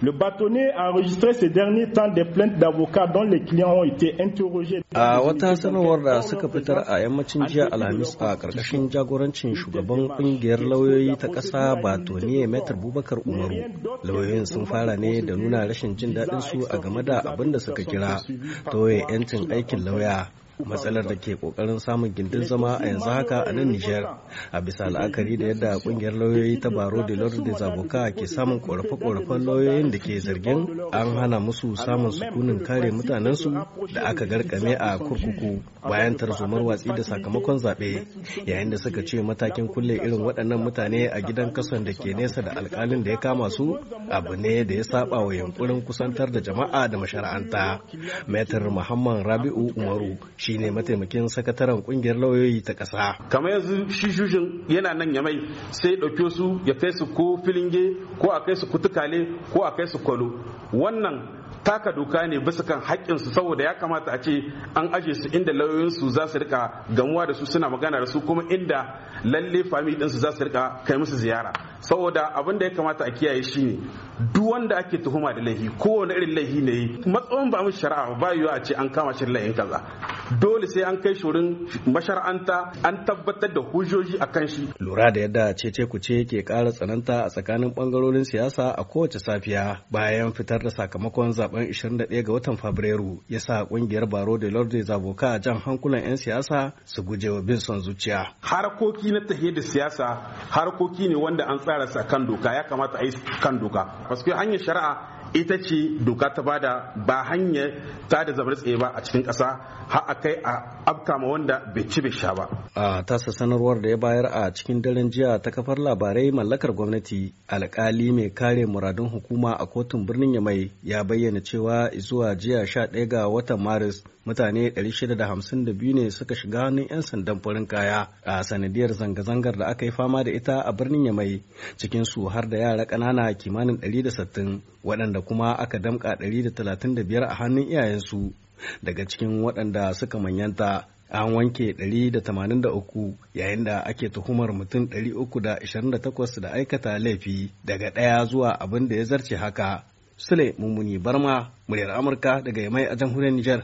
Le bâtonnet a enregistré ces derniers temps des plaintes d'avocats dont les clients ont été interrogés. A wata sanarwar da suka fitar a yammacin jiya Alhamis a ƙarƙashin jagorancin shugaban ƙungiyar lauyoyi ta ƙasa Batoniye Metar Bubakar Umaru. Lauyoyin sun fara ne da nuna rashin jin daɗin su a game da abin da suka kira tauye 'yancin aikin lauya matsalar da ke kokarin samun gindin zama a yanzu haka a nan Nijar a bisa la'akari da yadda kungiyar lauyoyi ta Baro de Lord de za'buka ke samun korafe-korafen lauyoyin da ke zargin an hana musu samun sukunin kare mutanensu da aka garkame a kurkuku bayan tarzomar watsi da sakamakon zaɓe yayin da suka ce matakin kulle irin waɗannan mutane a gidan kason da ke nesa da alkalin da ya kama su abu ne da ya saba wa yunkurin kusantar da jama'a da mashara'anta. Metar Muhammad Rabi'u Umaru Shi ne mataimakin sakataren kungiyar lauyoyi ta ƙasa. Kamar yanzu shi shushin yana nan ya mai sai ɗauke su ya kai su ko filinge ko a kai su kutukale ko a kai su kwalo. Wannan taka doka ne bisa kan haƙƙinsu saboda ya kamata a ce an aje su inda lauyoyinsu za su rika gamuwa da su suna magana da su kuma inda lalle fami ɗinsu za su rika kai musu ziyara saboda abin da ya kamata a kiyaye shi ne duk wanda ake tuhuma da laifi kowane irin laifi ne matsayin ba mu shari'a ba yiwa a ce an kama shi laifin kaza dole sai an kai shurin mashara'anta an tabbatar da hujjoji a kan shi lura da yadda cece ce ke ƙara tsananta a tsakanin bangarorin siyasa a kowace safiya bayan fitar da sakamakon zaben 21 ga watan Fabrairu ya sa kungiyar Baro da Lorde Zaboka a jan hankulan 'yan siyasa su guje wa bin son zuciya. Harkoki na tafiye da siyasa harkoki ne wanda an tsara sa kan doka ya kamata a yi kan doka. Paske hanyar shari'a ita ce doka ta bada ba hanyar ta da zabar tsaye ba a cikin ƙasa har a kai a abta ma wanda bai ci bai sha ba. A tasa sanarwar da ya bayar a cikin daren jiya ta kafar labarai mallakar gwamnati alkali mai kare muradun hukuma a kotun birnin Yamai ya bayyana cewa zuwa jiya 11 ga watan Maris mutane 652 ne suka shiga hannun 'yan sandan farin kaya a sanadiyar zanga-zangar da aka yi fama da ita a birnin yamai cikin su har da yara ƙanana kimanin 160 waɗanda kuma aka damƙa 135 a hannun iyayensu daga cikin waɗanda suka manyanta an wanke 183 yayin da ake tuhumar mutum 328 da aikata laifi daga ɗaya zuwa abin da ya zarce haka. Sule Mummuni Barma, muryar Amurka daga Yamai a jamhuriyar Nijar.